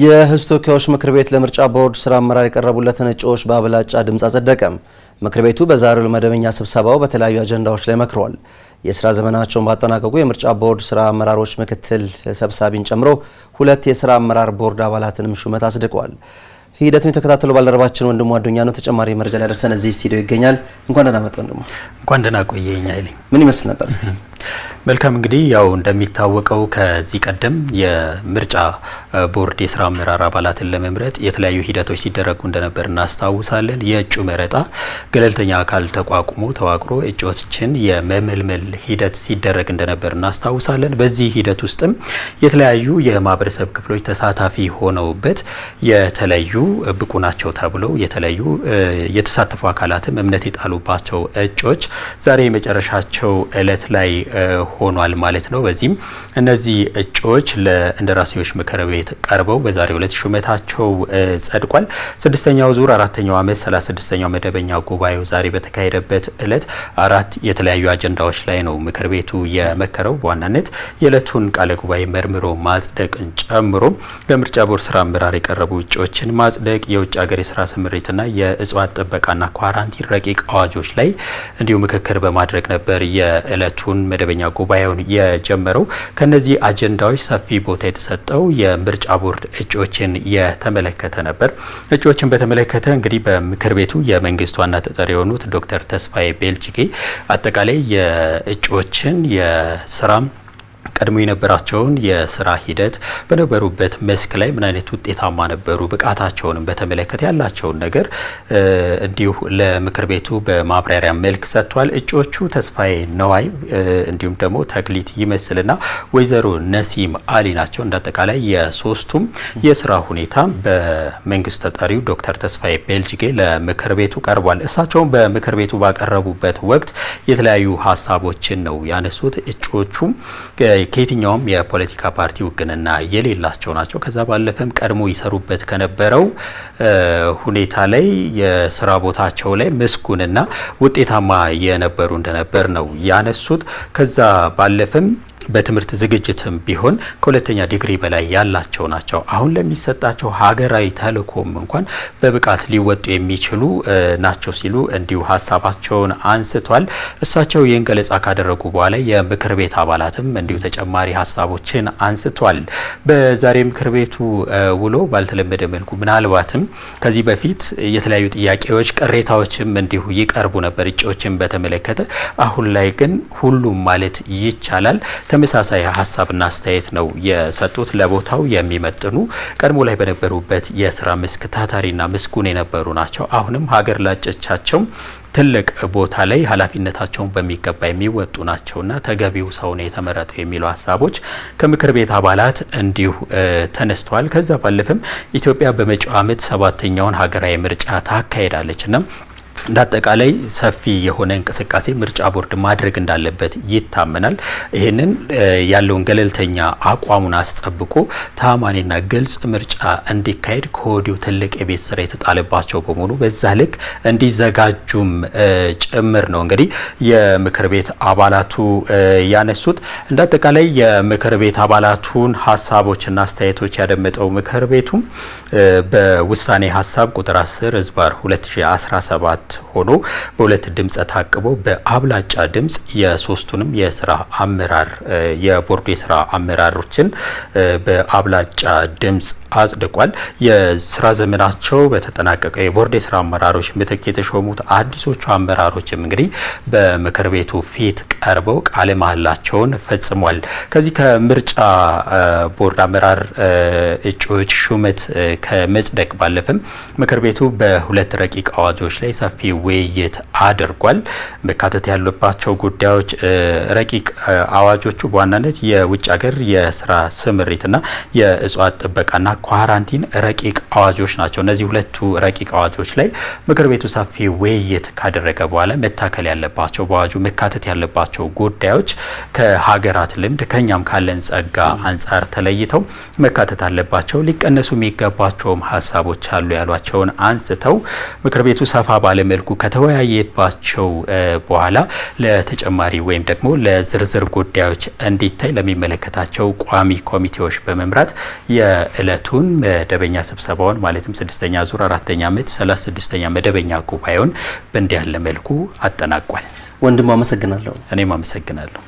የህዝብ ተወካዮች ምክር ቤት ለምርጫ ቦርድ ስራ አመራር የቀረቡለትን እጩዎች በአብላጫ ድምፅ አጸደቀም። ምክር ቤቱ በዛሬው መደበኛ ስብሰባው በተለያዩ አጀንዳዎች ላይ መክሯል። የስራ ዘመናቸውን ባጠናቀቁ የምርጫ ቦርድ ስራ አመራሮች ምክትል ሰብሳቢን ጨምሮ ሁለት የስራ አመራር ቦርድ አባላትንም ሹመት አጽድቋል። ሂደቱን የተከታተሉ ባልደረባችን ወንድሙ አዱኛ ነው ተጨማሪ መረጃ ሊያደርሰን እዚህ ስቱዲዮ ይገኛል። እንኳን ደህና መጡ ወንድሙ። እንኳን ደህና ቆየኝ ምን ይመስል ነበር እስቲ መልካም እንግዲህ ያው እንደሚታወቀው ከዚህ ቀደም የምርጫ ቦርድ የስራ አመራር አባላትን ለመምረጥ የተለያዩ ሂደቶች ሲደረጉ እንደነበር እናስታውሳለን። የእጩ መረጣ ገለልተኛ አካል ተቋቁሞ ተዋቅሮ እጩዎችን የመመልመል ሂደት ሲደረግ እንደነበር እናስታውሳለን። በዚህ ሂደት ውስጥም የተለያዩ የማህበረሰብ ክፍሎች ተሳታፊ ሆነውበት የተለዩ ብቁ ናቸው ተብለው የተለዩ የተሳተፉ አካላትም እምነት የጣሉባቸው እጩዎች ዛሬ የመጨረሻቸው እለት ላይ ሆኗል ማለት ነው። በዚህም እነዚህ እጩዎች ለእንደራሴዎች ምክር ቤት ቀርበው በዛሬው ዕለት ሹመታቸው ጸድቋል። ስድስተኛው ዙር አራተኛው ዓመት ሰላሳ ስድስተኛው መደበኛ ጉባኤው ዛሬ በተካሄደበት ዕለት አራት የተለያዩ አጀንዳዎች ላይ ነው ምክር ቤቱ የመከረው። በዋናነት የዕለቱን ቃለ ጉባኤ መርምሮ ማጽደቅን ጨምሮ ለምርጫ ቦርድ ስራ አመራር የቀረቡ እጩዎችን ማጽደቅ፣ የውጭ ሀገር የስራ ስምሪትና የእጽዋት ጥበቃና ኳራንቲን ረቂቅ አዋጆች ላይ እንዲሁ ምክክር በማድረግ ነበር የዕለቱን መደበኛ ጉባኤውን የጀመረው ከነዚህ አጀንዳዎች ሰፊ ቦታ የተሰጠው የምርጫ ቦርድ እጩዎችን የተመለከተ ነበር። እጩዎችን በተመለከተ እንግዲህ በምክር ቤቱ የመንግስት ዋና ተጠሪ የሆኑት ዶክተር ተስፋዬ ቤልጅጌ አጠቃላይ የእጩዎችን የስራም ቀድሞ የነበራቸውን የስራ ሂደት በነበሩበት መስክ ላይ ምን አይነት ውጤታማ ነበሩ፣ ብቃታቸውንም በተመለከተ ያላቸውን ነገር እንዲሁ ለምክር ቤቱ በማብራሪያ መልክ ሰጥቷል። እጩዎቹ ተስፋዬ ነዋይ እንዲሁም ደግሞ ተክሊት ይመስልና ወይዘሮ ነሲም አሊ ናቸው። እንዳጠቃላይ የሶስቱም የስራ ሁኔታ በመንግስት ተጠሪው ዶክተር ተስፋዬ ቤልጅጌ ለምክር ቤቱ ቀርቧል። እሳቸውም በምክር ቤቱ ባቀረቡበት ወቅት የተለያዩ ሀሳቦችን ነው ያነሱት። እጩዎቹም ከየትኛውም የፖለቲካ ፓርቲ ውግንና የሌላቸው ናቸው። ከዛ ባለፈም ቀድሞ ይሰሩበት ከነበረው ሁኔታ ላይ የስራ ቦታቸው ላይ ምስጉንና ውጤታማ የነበሩ እንደነበር ነው ያነሱት። ከዛ ባለፈም በትምህርት ዝግጅትም ቢሆን ከሁለተኛ ዲግሪ በላይ ያላቸው ናቸው። አሁን ለሚሰጣቸው ሀገራዊ ተልእኮም እንኳን በብቃት ሊወጡ የሚችሉ ናቸው ሲሉ እንዲሁ ሀሳባቸውን አንስቷል። እሳቸው ይህን ገለጻ ካደረጉ በኋላ የምክር ቤት አባላትም እንዲሁ ተጨማሪ ሀሳቦችን አንስቷል። በዛሬ ምክር ቤቱ ውሎ ባልተለመደ መልኩ ምናልባትም ከዚህ በፊት የተለያዩ ጥያቄዎች፣ ቅሬታዎችም እንዲሁ ይቀርቡ ነበር እጩዎችን በተመለከተ። አሁን ላይ ግን ሁሉም ማለት ይቻላል ተመሳሳይ ሀሳብና አስተያየት ነው የሰጡት። ለቦታው የሚመጥኑ ቀድሞ ላይ በነበሩበት የስራ መስክ ታታሪና ምስጉን የነበሩ ናቸው። አሁንም ሀገር ላጨቻቸው ትልቅ ቦታ ላይ ኃላፊነታቸውን በሚገባ የሚወጡ ናቸውና ተገቢው ሰው ነው የተመረጠው የሚሉ ሀሳቦች ከምክር ቤት አባላት እንዲሁ ተነስተዋል። ከዛ ባለፈም ኢትዮጵያ በመጪው ዓመት ሰባተኛውን ሀገራዊ ምርጫ ታካሄዳለችና እንዳጠቃላይ ሰፊ የሆነ እንቅስቃሴ ምርጫ ቦርድ ማድረግ እንዳለበት ይታመናል። ይህንን ያለውን ገለልተኛ አቋሙን አስጠብቆ ታማኒና ግልጽ ምርጫ እንዲካሄድ ከወዲሁ ትልቅ የቤት ስራ የተጣለባቸው በመሆኑ በዛ ልክ እንዲዘጋጁም ጭምር ነው እንግዲህ የምክር ቤት አባላቱ ያነሱት። እንዳጠቃላይ የምክር ቤት አባላቱን ሀሳቦችና አስተያየቶች ያደመጠው ምክር ቤቱም በውሳኔ ሀሳብ ቁጥር 10 ህዝባር 2017 አራት ሆኖ በሁለት ድምፀ ታቅቦ በአብላጫ ድምጽ የሶስቱንም የስራ አመራር የቦርዱ የስራ አመራሮችን በአብላጫ ድምጽ አጽድቋል። የስራ ዘመናቸው በተጠናቀቀ የቦርድ የስራ አመራሮች ምትክ የተሾሙት አዲሶቹ አመራሮችም እንግዲህ በምክር ቤቱ ፊት ቀርበው ቃለ መሀላቸውን ፈጽሟል። ከዚህ ከምርጫ ቦርድ አመራር እጩዎች ሹመት ከመጽደቅ ባለፈም ምክር ቤቱ በሁለት ረቂቅ አዋጆች ላይ ሰፊ ውይይት አድርጓል። መካተት ያሉባቸው ጉዳዮች ረቂቅ አዋጆቹ በዋናነት የውጭ ሀገር የስራ ስምሪትና የእጽዋት ጥበቃና ኳራንቲን ረቂቅ አዋጆች ናቸው። እነዚህ ሁለቱ ረቂቅ አዋጆች ላይ ምክር ቤቱ ሰፊ ውይይት ካደረገ በኋላ መታከል ያለባቸው በአዋጁ መካተት ያለባቸው ጉዳዮች ከሀገራት ልምድ ከኛም ካለን ጸጋ አንጻር ተለይተው መካተት አለባቸው፣ ሊቀነሱ የሚገባቸውም ሀሳቦች አሉ ያሏቸውን አንስተው ምክር ቤቱ ሰፋ ባለመልኩ ከተወያየባቸው በኋላ ለተጨማሪ ወይም ደግሞ ለዝርዝር ጉዳዮች እንዲታይ ለሚመለከታቸው ቋሚ ኮሚቴዎች በመምራት የእለቱ አራቱን መደበኛ ስብሰባውን ማለትም ስድስተኛ ዙር አራተኛ ዓመት ሰላሳ ስድስተኛ መደበኛ ጉባኤውን በእንዲህ ያለ መልኩ አጠናቋል። ወንድም አመሰግናለሁ። እኔም አመሰግናለሁ።